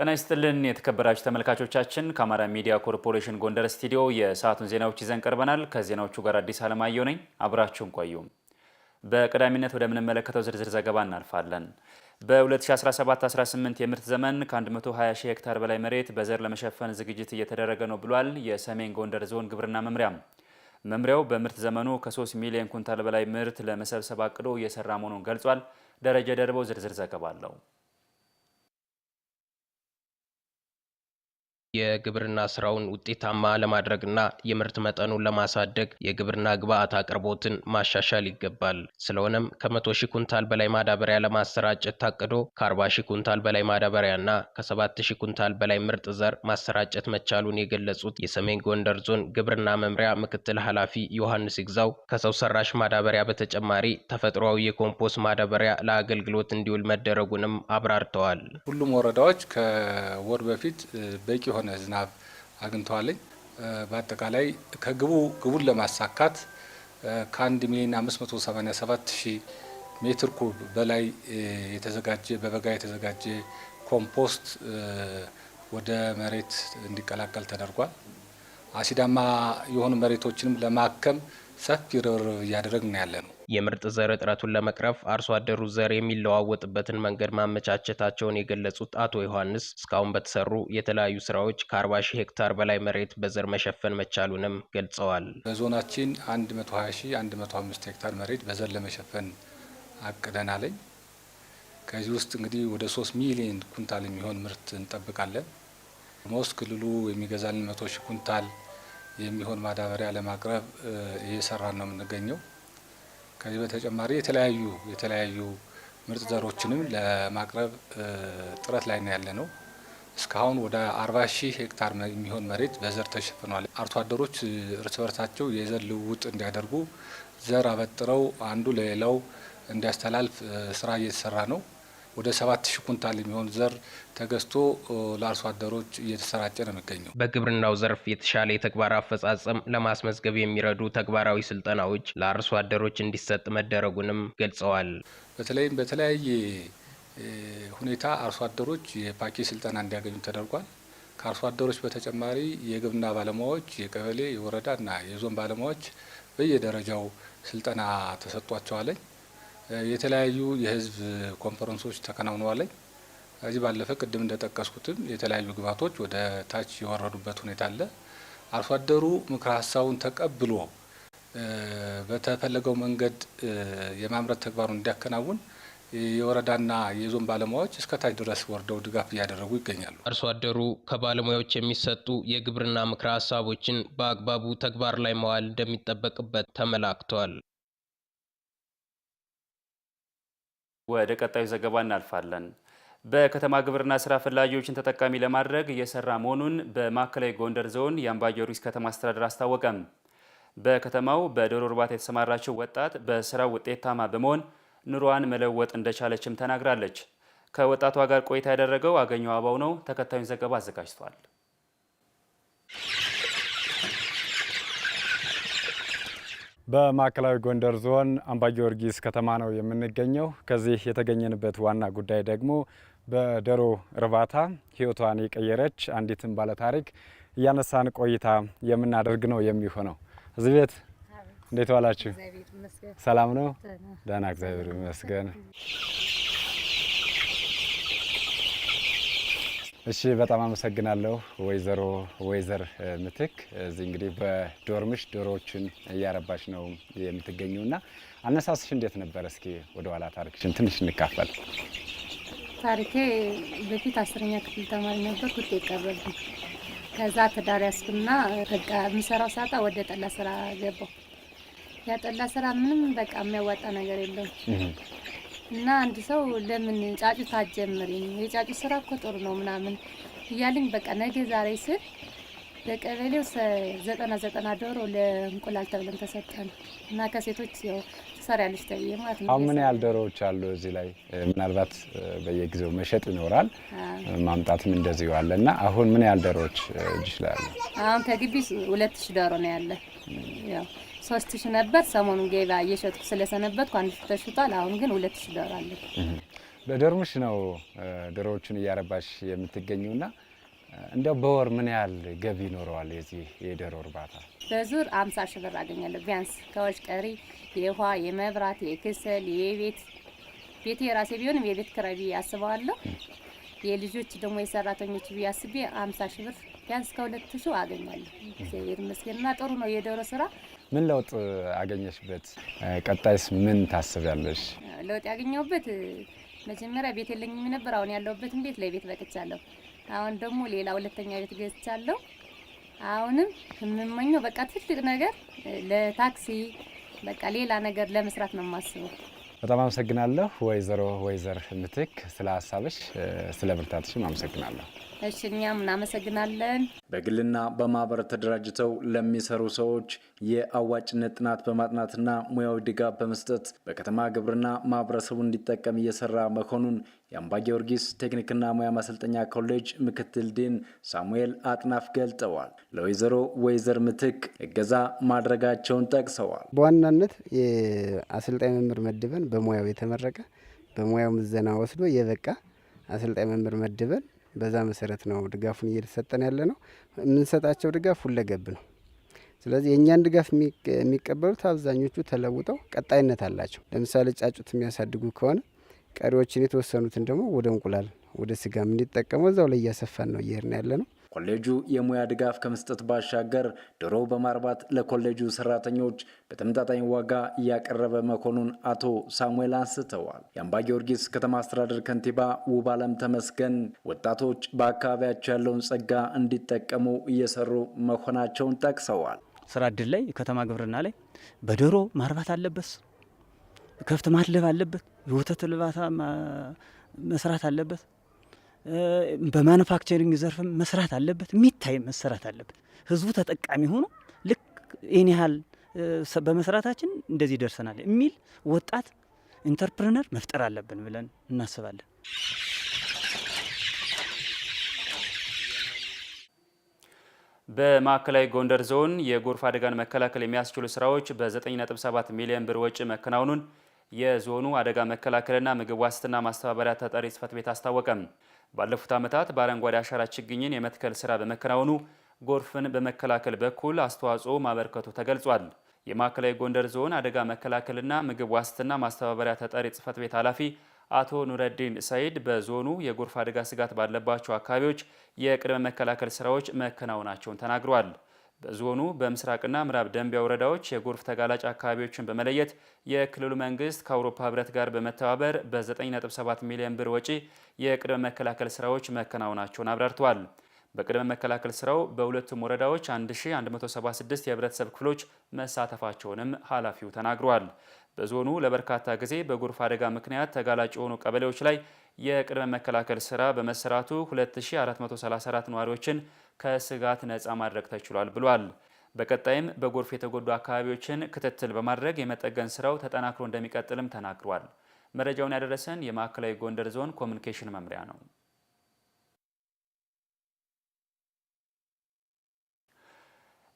ጤና ይስጥልን የተከበራችሁ ተመልካቾቻችን፣ ከአማራ ሚዲያ ኮርፖሬሽን ጎንደር ስቱዲዮ የሰዓቱን ዜናዎች ይዘን ቀርበናል። ከዜናዎቹ ጋር አዲስ አለማየሁ ነኝ። አብራችሁን ቆዩ። በቀዳሚነት ወደምንመለከተው ዝርዝር ዘገባ እናልፋለን። በ2017-18 የምርት ዘመን ከ120 ሺህ ሄክታር በላይ መሬት በዘር ለመሸፈን ዝግጅት እየተደረገ ነው ብሏል የሰሜን ጎንደር ዞን ግብርና መምሪያ። መምሪያው በምርት ዘመኑ ከ3 ሚሊዮን ኩንታል በላይ ምርት ለመሰብሰብ አቅዶ እየሰራ መሆኑን ገልጿል። ደረጀ ደርበው ዝርዝር ዘገባ አለው። የግብርና ስራውን ውጤታማ ለማድረግና የምርት መጠኑን ለማሳደግ የግብርና ግብዓት አቅርቦትን ማሻሻል ይገባል። ስለሆነም ከመቶ ሺህ ኩንታል በላይ ማዳበሪያ ለማሰራጨት ታቅዶ ከአርባ ሺህ ኩንታል በላይ ማዳበሪያና ከሰባት ሺህ ኩንታል በላይ ምርጥ ዘር ማሰራጨት መቻሉን የገለጹት የሰሜን ጎንደር ዞን ግብርና መምሪያ ምክትል ኃላፊ ዮሐንስ ይግዛው ከሰው ሰራሽ ማዳበሪያ በተጨማሪ ተፈጥሯዊ የኮምፖስት ማዳበሪያ ለአገልግሎት እንዲውል መደረጉንም አብራርተዋል። ሁሉም ወረዳዎች ከወር በፊት በቂ የሆነ ዝናብ አግኝተዋለኝ። በአጠቃላይ ከግቡ ግቡን ለማሳካት ከአንድ ሚሊዮን አምስት መቶ ሰማኒያ ሰባት ሜትር ኩብ በላይ የተዘጋጀ በበጋ የተዘጋጀ ኮምፖስት ወደ መሬት እንዲቀላቀል ተደርጓል። አሲዳማ የሆኑ መሬቶችንም ለማከም ሰፊ ርብርብ እያደረግን ያለ ነው። የምርጥ ዘር እጥረቱን ለመቅረፍ አርሶ አደሩ ዘር የሚለዋወጥበትን መንገድ ማመቻቸታቸውን የገለጹት አቶ ዮሐንስ እስካሁን በተሰሩ የተለያዩ ስራዎች ከ ሺህ ሄክታር በላይ መሬት በዘር መሸፈን መቻሉንም ገልጸዋል። በዞናችን ሀያ ሺህ አምስት ሄክታር መሬት በዘር ለመሸፈን አቅደናለኝ። ከዚህ ውስጥ እንግዲህ ወደ 3 ሚሊዮን ኩንታል የሚሆን ምርት እንጠብቃለን። ሞስ ክልሉ የሚገዛልን መቶ ሺህ ኩንታል የሚሆን ማዳበሪያ ለማቅረብ እየሰራን ነው የምንገኘው። ከዚህ በተጨማሪ የተለያዩ የተለያዩ ምርጥ ዘሮችንም ለማቅረብ ጥረት ላይ ነው ያለ ነው። እስካሁን ወደ አርባ ሺህ ሄክታር የሚሆን መሬት በዘር ተሸፍኗል። አርሶ አደሮች እርስ በርሳቸው የዘር ልውውጥ እንዲያደርጉ ዘር አበጥረው አንዱ ለሌላው እንዲያስተላልፍ ስራ እየተሰራ ነው። ወደ ሰባት ሺህ ኩንታል የሚሆን ዘር ተገዝቶ ለአርሶ አደሮች እየተሰራጨ ነው የሚገኘው። በግብርናው ዘርፍ የተሻለ የተግባር አፈጻጸም ለማስመዝገብ የሚረዱ ተግባራዊ ስልጠናዎች ለአርሶ አደሮች እንዲሰጥ መደረጉንም ገልጸዋል። በተለይም በተለያየ ሁኔታ አርሶ አደሮች የፓኬጅ ስልጠና እንዲያገኙ ተደርጓል። ከአርሶ አደሮች በተጨማሪ የግብርና ባለሙያዎች የቀበሌ የወረዳ የዞን ባለሙያዎች በየደረጃው ስልጠና ተሰጥቷቸዋለኝ። የተለያዩ የህዝብ ኮንፈረንሶች ተከናውነዋል። ከዚህ ባለፈ ቅድም እንደጠቀስኩትም የተለያዩ ግብዓቶች ወደ ታች የወረዱበት ሁኔታ አለ። አርሶ አደሩ ምክረ ሀሳቡን ተቀብሎ በተፈለገው መንገድ የማምረት ተግባሩን እንዲያከናውን የወረዳና የዞን ባለሙያዎች እስከታች ድረስ ወርደው ድጋፍ እያደረጉ ይገኛሉ። አርሶ አደሩ ከባለሙያዎች የሚሰጡ የግብርና ምክረ ሀሳቦችን በአግባቡ ተግባር ላይ መዋል እንደሚጠበቅበት ተመላክቷል። ወደ ቀጣዩ ዘገባ እናልፋለን። በከተማ ግብርና ስራ ፈላጊዎችን ተጠቃሚ ለማድረግ እየሰራ መሆኑን በማዕከላዊ ጎንደር ዞን የአምባ ከተማ አስተዳደር አስታወቀም። በከተማው በዶሮ እርባታ የተሰማራችው ወጣት በስራው ውጤታማ በመሆን ኑሮዋን መለወጥ እንደቻለችም ተናግራለች። ከወጣቷ ጋር ቆይታ ያደረገው አገኘው አባው ነው። ተከታዩን ዘገባ አዘጋጅቷል። በማዕከላዊ ጎንደር ዞን አምባ ጊዮርጊስ ከተማ ነው የምንገኘው። ከዚህ የተገኘንበት ዋና ጉዳይ ደግሞ በደሮ እርባታ ህይወቷን የቀየረች አንዲትን ባለታሪክ እያነሳን ቆይታ የምናደርግ ነው የሚሆነው። እዚህ ቤት እንዴት ዋላችሁ? ሰላም ነው? ደህና፣ እግዚአብሔር ይመስገን። እሺ በጣም አመሰግናለሁ ወይዘሮ ወይዘር ምትክ እዚህ እንግዲህ በዶርምሽ ዶሮዎችን እያረባሽ ነው የምትገኘው እና አነሳስሽ እንዴት ነበር? እስኪ ወደ ኋላ ታሪክሽን ትንሽ እንካፈል። ታሪኬ በፊት አስረኛ ክፍል ተማሪ ነበር። ኩት ቀረብኝ። ከዛ ትዳር ያስኩና በቃ የምሰራው ሳጣ ወደ ጠላ ስራ ገባሁ። ያ ጠላ ስራ ምንም በቃ የሚያዋጣ ነገር የለውም እና አንድ ሰው ለምን ጫጩት አትጀምሪም? የጫጩት ስራ እኮ ጥሩ ነው ምናምን እያለኝ በቃ ነገ ዛሬ ስል በቀበሌው ዘጠና ዘጠና ዶሮ ለእንቁላል ተብለን ተሰጠን እና ከሴቶች ያው ትሰሪያለሽ ተብዬ ማለት ነው። አሁን ምን ያህል ዶሮዎች አሉ እዚህ ላይ? ምናልባት በየጊዜው መሸጥ ይኖራል ማምጣትም እንደዚሁ አለ እና አሁን ምን ያህል ዶሮዎች እጅሽ ላይ አሉ? አሁን ከግቢ ሁለት ሺ ዶሮ ነው ያለ። ሶስት ሺ ነበር ሰሞኑን ገባ እየሸጥኩ ስለሰነበትኩ አንድ ሺ ተሽጧል። አሁን ግን ሁለት ሺ ዶሮ አለ። በዶርምሽ ነው ዶሮዎቹን እያረባሽ የምትገኙና እንደው በወር ምን ያህል ገቢ ይኖረዋል የዚህ የዶሮ እርባታ? በዙር አምሳ ሺህ ብር አገኛለሁ ቢያንስ ከወጭ ቀሪ የውሃ የመብራት የክሰል የቤት ቤት የራሴ ቢሆንም የቤት ክረቢ ብዬ አስበዋለሁ። የልጆች ደግሞ የሰራተኞች ብዬ አስቤ አምሳ ሺህ ብር ቢያንስ ከሁለት ሺህ አገኛለሁ። እግዚአብሔር ይመስገን እና ጥሩ ነው የዶሮ ስራ። ምን ለውጥ አገኘሽበት? ቀጣይስ ምን ታስቢያለሽ? ለውጥ ያገኘሁበት መጀመሪያ ቤት የለኝም ነበር። አሁን ያለሁበትን ቤት ለቤት በቅቻለሁ። አሁን ደግሞ ሌላ ሁለተኛ ቤት ገዝቻለሁ። አሁንም የምመኘው በቃ ትልቅ ነገር ለታክሲ በቃ ሌላ ነገር ለመስራት ነው የማስበው። በጣም አመሰግናለሁ ወይዘሮ ወይዘር ምትክ ስለ ሀሳብሽ ስለ ብርታትሽም አመሰግናለሁ። እሺ እኛም እናመሰግናለን። በግልና በማህበር ተደራጅተው ለሚሰሩ ሰዎች የአዋጭነት ጥናት በማጥናትና ሙያዊ ድጋፍ በመስጠት በከተማ ግብርና ማህበረሰቡ እንዲጠቀም እየሰራ መሆኑን የአምባ ጊዮርጊስ ቴክኒክና ሙያ ማሰልጠኛ ኮሌጅ ምክትል ዲን ሳሙኤል አጥናፍ ገልጠዋል። ለወይዘሮ ወይዘር ምትክ እገዛ ማድረጋቸውን ጠቅሰዋል። በዋናነት የአሰልጣኝ መምህር መድበን በሙያው የተመረቀ በሙያው ምዘና ወስዶ የበቃ አሰልጣኝ መምህር መድበን በዛ መሰረት ነው ድጋፉን እየተሰጠን ያለ ነው። የምንሰጣቸው ድጋፍ ሁለገብ ነው። ስለዚህ የእኛን ድጋፍ የሚቀበሉት አብዛኞቹ ተለውጠው ቀጣይነት አላቸው። ለምሳሌ ጫጩት የሚያሳድጉ ከሆነ ቀሪዎችን የተወሰኑትን ደግሞ ወደ እንቁላል፣ ወደ ስጋም እንዲጠቀሙ እዛው ላይ እያሰፋን ነው እየሄድን ያለ ነው። ኮሌጁ የሙያ ድጋፍ ከመስጠት ባሻገር ዶሮ በማርባት ለኮሌጁ ሰራተኞች በተመጣጣኝ ዋጋ እያቀረበ መሆኑን አቶ ሳሙኤል አንስተዋል። የአምባ ጊዮርጊስ ከተማ አስተዳደር ከንቲባ ውብ አለም ተመስገን ወጣቶች በአካባቢያቸው ያለውን ጸጋ እንዲጠቀሙ እየሰሩ መሆናቸውን ጠቅሰዋል። ስራ እድል ላይ ከተማ ግብርና ላይ በዶሮ ማርባት አለበት፣ ከፍት ማድለብ አለበት፣ የወተት ልባታ መስራት አለበት በማኑፋክቸሪንግ ዘርፍም መስራት አለበት፣ የሚታይ መሰራት አለበት። ህዝቡ ተጠቃሚ ሆኖ ልክ ይህን ያህል በመስራታችን እንደዚህ ደርሰናል የሚል ወጣት ኢንተርፕርነር መፍጠር አለብን ብለን እናስባለን። በማዕከላዊ ጎንደር ዞን የጎርፍ አደጋን መከላከል የሚያስችሉ ስራዎች በ9.7 ሚሊዮን ብር ወጪ መከናወኑን የዞኑ አደጋ መከላከልና ምግብ ዋስትና ማስተባበሪያ ተጠሪ ጽህፈት ቤት አስታወቀም። ባለፉት ዓመታት በአረንጓዴ አሻራ ችግኝን የመትከል ስራ በመከናወኑ ጎርፍን በመከላከል በኩል አስተዋጽኦ ማበርከቱ ተገልጿል። የማዕከላዊ ጎንደር ዞን አደጋ መከላከልና ምግብ ዋስትና ማስተባበሪያ ተጠሪ ጽህፈት ቤት ኃላፊ አቶ ኑረዲን ሰይድ በዞኑ የጎርፍ አደጋ ስጋት ባለባቸው አካባቢዎች የቅድመ መከላከል ስራዎች መከናወናቸውን ተናግረዋል። በዞኑ በምስራቅና ምዕራብ ደንቢያ ወረዳዎች የጎርፍ ተጋላጭ አካባቢዎችን በመለየት የክልሉ መንግስት ከአውሮፓ ህብረት ጋር በመተባበር በ9.7 ሚሊዮን ብር ወጪ የቅድመ መከላከል ስራዎች መከናወናቸውን አብራርተዋል። በቅድመ መከላከል ስራው በሁለቱም ወረዳዎች 1176 የህብረተሰብ ክፍሎች መሳተፋቸውንም ኃላፊው ተናግረዋል። በዞኑ ለበርካታ ጊዜ በጎርፍ አደጋ ምክንያት ተጋላጭ የሆኑ ቀበሌዎች ላይ የቅድመ መከላከል ስራ በመሰራቱ 2434 ነዋሪዎችን ከስጋት ነፃ ማድረግ ተችሏል ብሏል። በቀጣይም በጎርፍ የተጎዱ አካባቢዎችን ክትትል በማድረግ የመጠገን ስራው ተጠናክሮ እንደሚቀጥልም ተናግሯል። መረጃውን ያደረሰን የማዕከላዊ ጎንደር ዞን ኮሚኒኬሽን መምሪያ ነው።